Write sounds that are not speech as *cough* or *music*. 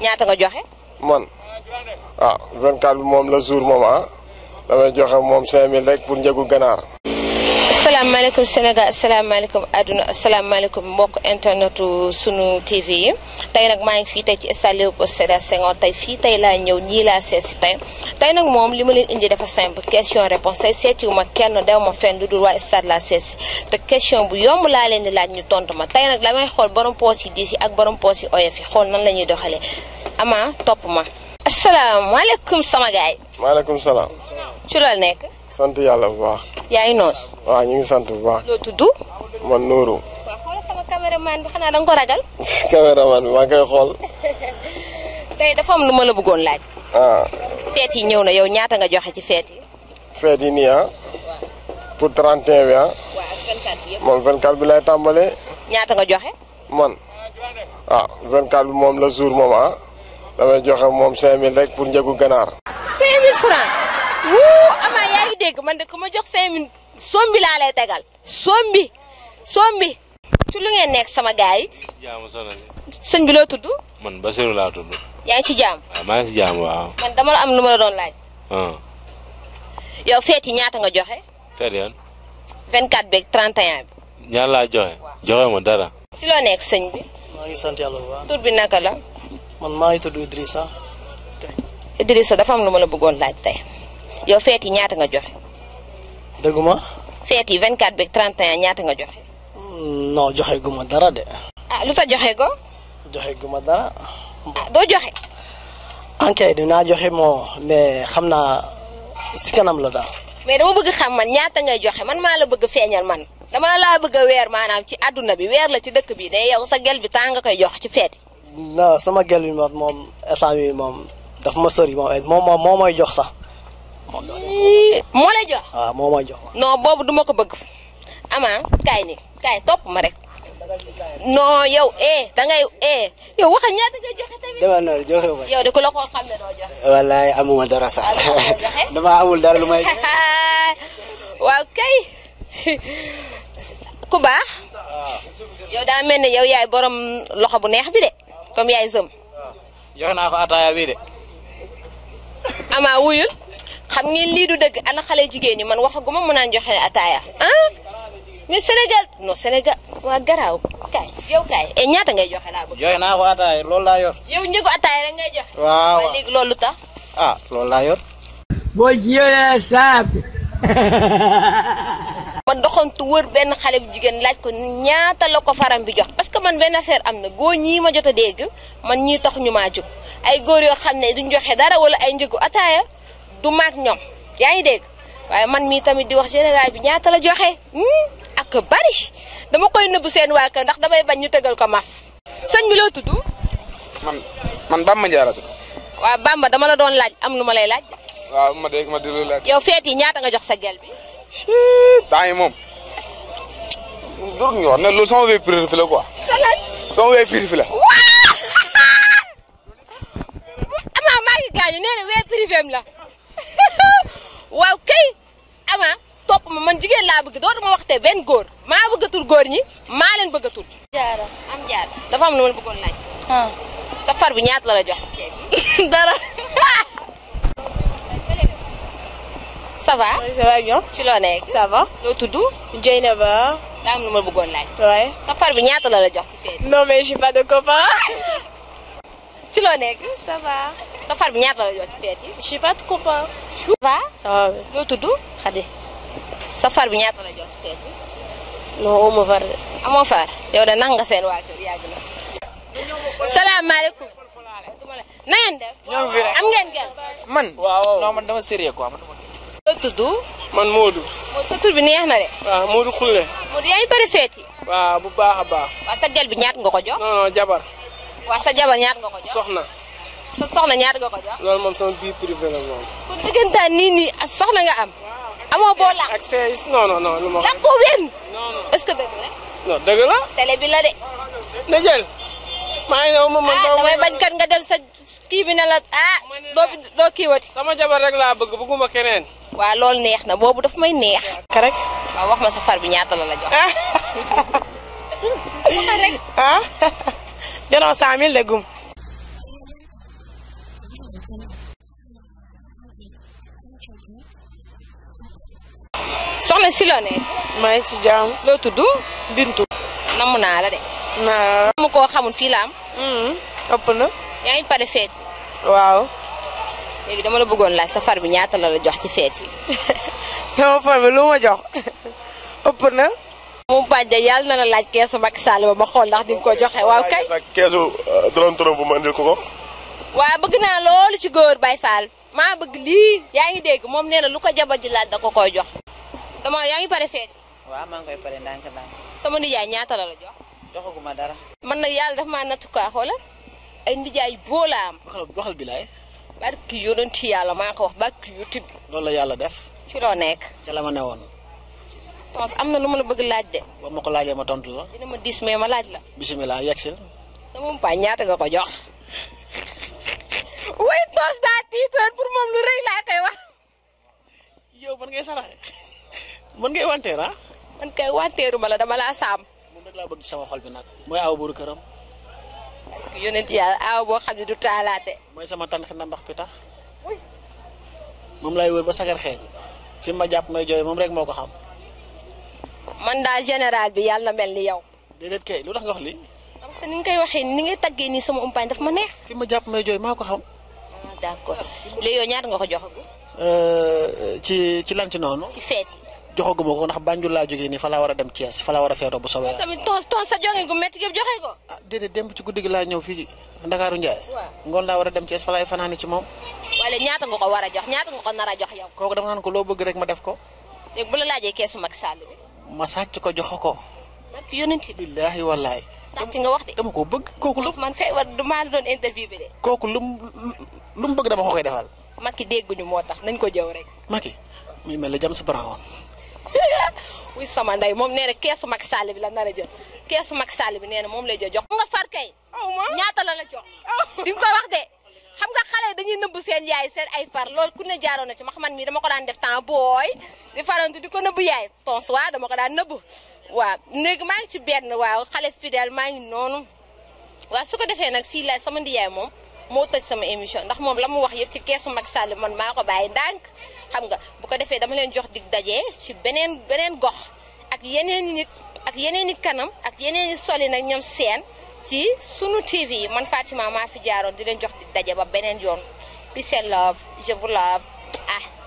ñaata nga joxe. man waaw ah, 24 bi moom la jour moom ah damay joxe moom 5000 rek pour njëgu ganaar. salaamaaleykum Sénégal salaamaaleykum àdduna salaamaaleykum mbokk internetu sunu TV yi tey nag maa ngi fii tey ci stade Léopold Sédar Senghor tey fii tey laa ñëw ñii laa seet si tey tey nag moom li ma leen indi dafa simple question réponse tey seetiwu ma kenn dew ma fenn lu dul waa stade laa seet si te question bu yomb laa leen di laaj ñu tontu ma tey nag la may xool borom poos yi diis ak borom yi oyof yi xool nan la ñuy doxalee. Ama topp ma. asalaamaaleykum sama gaay yi. maaleykum salaam. ci loolu nekk. sant yàlla bu baax. yaa ngi noos. waaw ñu ngi sant bu baax. loo tudd. man Nourou. waaw xoolal sama caméraman bi xanaa da nga ko ragal. *laughs* caméraman bi maa ngi koy xool. *laughs* tey dafa am lu ma la bëggoon laaj. ah. feet yi ñëw na yow ñaata nga joxe ci feet yi. feet yi nii ah. pour 31 bi ah. waaw ak 24 bi yëpp. moom ñaata nga joxe. man ah 24 bi moom la jour moom ah. damay joxe moom 5000 rek pour njëgu ganaar. 5000 francs wuu Ama yaa dégg man de ku ma jox 5000 sombi laa lay tegal sombi sombi. ci lu ngeen nekk sama gars yi. jaamu sonal sëñ bi loo tudd. man Basirou laa tudd. yaa ci jaam. waaw ah, maa ngi man dama la am lu ma doon laaj. Ah. yow feet yi ñaata nga joxe. feet yan. 24 beeg 31 bi. ñaar laa joxe. joxe ma dara. si loo nekk sëñ bi. maa ngi sant yàlla tur bi naka la. man maa ngi tudd Idrissa. Idrissa dafa am lu ma la bëggoon laaj tey yow feet yi ñaata nga joxe. dëgguma. feet yi 24 beeg 31 ñaata nga joxe. Hmm, noo joxe guma dara de. ah lu ta joxe ko. joxe guma dara. ah doo joxe. ankay naa joxe moo mais xam naa si kanam la daal. mais dama bëgg xam man ñaata ngay joxe man maa la bëgg feeñal man dama laa bëgg a weer maanaam ci àdduna bi weer la ci dëkk bi ne yow sa gel bi temps nga koy jox ci feet yi non sama gel bi moom moom instant bi moom daf ma sori moom moom moo may jox sax. moo lay jox. waaw ah, moo may jox. non boobu duma ko bëgg. ama kaay ni kaay topp ma rek. non yow eh da ngay eh yow waxal ñaata ngay joxe tamit. dama noonu joxe ko. yow de ku la xool xam ne doo joxe. wallaay amuma dara sax. *laughs* dama amul dara lu may. *laughs* waaw kay. *laughs* ku baax. Ah. yow daa mel ne yow yaay borom loxo bu neex bi de. comme yaay sëm. jox ah, naa ko ataaya bii de. ama wuyul xam ngi lii du dëgg ana xale jigéen ñi man waxaguma mu naan joxe ataaya ah mais Sénégal non Sénégal waa garaaw kaay yow kaay e ñaata ngay joxe laa bëgg. joxe naa ko ataaya loolu laa yor. yow ataaya rek ngay joxe. waaw waaw léegi loolu tax. ah loolu laa yor. boo jiyee *laughs* ma doxantu wër benn xale bu jigéen laaj ko ñaata la ko faram bi jox parce que man benn affaire am na góor ñii ma jot a dégg man ñii tax ñu maa jóg ay góor yoo xam ne duñ joxe dara wala ay njëgu ataaya du maag ñoom yaa ngi dégg waaye man mii tamit di wax général bi ñaata la joxe hmm? ak bari dama koy nëbbu seen waa ndax damay bañ ñu tegal ko maf sañ bi loo tudd. man man ma Ndiaye la tudd. waaw dama la doon laaj am lu ma lay laaj. waaw ma de yow feet yi ñaata nga jox sa gel bi. temps yi moom dur ñu wax ne loolu sama wéy péril fi la quoi. sama wéy péril fi la. amaa maa ngi gaañu nee na la waaw kay ama topp ma man jigéen laa bëgg dootuma waxte benn góor maa bëggatul góor ñi maa leen bëggatul. am jaar dafa am lu ma laaj. Ah. sa bi ñaat la la jox. *laughs* dara. *laughs* ça va. oui ça va bien. ci loo nekk. ça va. loo tudd. Dieynaba. daa am lu ma bëggoon laaj. waay sa far bi ñaata la la jox ci feet. non mais j'ai pas de copain. *laughs* ci loo nekk. ça va. sa far bi ñaata la la jox ci feet yi. j'ai pas de copain. ça va. ça va bien. loo tudd. Xadi. sa far bi ñaata la jox ci feet yi. non amoo far de. amoo far yow de nax nga seen waa kër yàgg na. salaamaaleykum. na ngeen def. ñoo ngi fi rek am ngeen gel. man. waaw non man dama sérieux quoi man. loo tudd. man Modou. Modou sa tur bi neex de. waaw Modou Khoule. Modou yaa ngi pare feeti. waaw bu baax a baax. waaw sa gel bi ñaat nga ko jox. non non jabar. waaw sa jabar ñaat nga ko jox. soxna. sa soxna ñaat nga ko jox. loolu moom sama biir privé la ku diggantaan nii a ah, soxna nga am. amoo boo la ak la ko wen. non ce que dëgg la. dëgg la. télé bi la de. na maa ngi ne ma man. ah damay bañ kat nga dem sa kii bi ne la ah doo doo kiiwati. sama jabar rek laa bëgg bëgguma keneen. waaw loolu neex na boobu daf may neex. rek. waaw wax ma sa far bi ñaata la la jox. Ah. waxal rek. ah. janoo cent mille de gum. soxna si loo ne. maa ngi ci jàmm. loo tudd. Bintu. namm naa la de. waaw mu koo xamul fii la am. Hmm, ëpp na. yaa ngi pare feet yi. waaw. dama la bëggoon laaj sa far bi ñaata la la jox ci feet yi. *laughs* sama far *laughs* na. moom Badja yàlla na la laaj keesu Macky Sall ba ma xool ndax di nga joxe waaw kay. keesu uh, bu ma indil ko ko. waaw bëgg naa loolu ci góor Baye Fall maa bëgg lii yaa ngi dégg moom nee na lu ko jabar ji laaj da koy jox. dama yaa ngi pare feet. waaw maa ngi koy pare sama nijaay ñaata la la jox. doxaguma dara. man nag yàlla def maa nattu quoi xoolal ay ndijaay boolaam. waxal waxal bi laay. barki yonent yàlla maa ko wax barki youtube. loolu la yàlla def. ci loo nekk. ca la ma ne woon. Tons am na lu ma la bëgg laaj de. boo ma ko laajee ma tontu la. dina ma dis mais ma laaj la. bisimilah yegg si. sama mpaañ ñaata nga ko jox. way Tons daa tiitoon pour moom lu rëy laa koy wax. yow man ngay saraxe man ngay wanteer ah. kay wanteeru la dama laa saam. moom rek laa bëgg ci sama xol bi nag mooy aw buuru këram. yonent yàlla aw boo xam du taalaate. mooy sama tan xi na mbax bi tax moom lay wër ba sagar xeeñ fi ma jàpp may jooy moom rek moo ko xam. man daa général bi yàlla mel ni yow. déedéet kay lu tax nga wax lii. parce que ni nga koy ni ngay taggee nii sama umpaañ daf ma neex. fi ma jàpp may jooy maa ko xam. ah d'accord nga ko jox. Euh, ci ci noonu. ci feet yi. joxaguma ko ndax Banjul laa jógee nii fa laa war a dem Thiès fa laa war a feetoo bu soobee. tamit ton ton sa joxe ko métti gi joxe ko. ah déedéet démb ngoon laa war a dem Thiès fa laay fanaani ci moom. wala ñaata nga ko war a jox ñaata nga ko nar a jox yow. kooku dama naan loo bëgg rek ma def ko. léegi bu la laajee keesu Macky Sall ma sàcc ko jox ko. barke yonent bi. billaahi wallaahi. sàcc nga wax de. dama bëgg kooku lu man fay war du maa la doon interview bi de. kooku lu mu bëgg dama ko koy defal. Macky dégguñu moo tax nañ ko jëw rek. Macky muy mel ne James Brown *laughs* wuy sama ndey moom nee na keesu Macky Sall bi la nar a jël keesu Macky Sall bi nee na moom lay jël jox nga far kay ñaata la la jox di ko wax de xam nga xale dañuy nëbb seen yaay seen ay far loolu ku ne jaaroon na ci ma xaman mii dama ko daan def temps booy di farantu di ko nëbb yaay tons waa dama ko daan nëbb waaw léegi maa ngi ci benn waaw xale fidèle maa ngi noonu waa su ko defee nag fii la sama ndiyaay moom moo tëj sama émission ndax moom la mu wax yëpp ci keesu mag Sall man maa ko bàyyi ndànk xam nga bu ko defee dama leen jox dig daje ci beneen beneen gox ak yeneen nit ak yeneen i kanam ak yeneen i soli nag ñoom seen ci sunu TV man Fatima maa fi jaaroon di leen jox dig daje ba beneen yoon peace and love je love ah.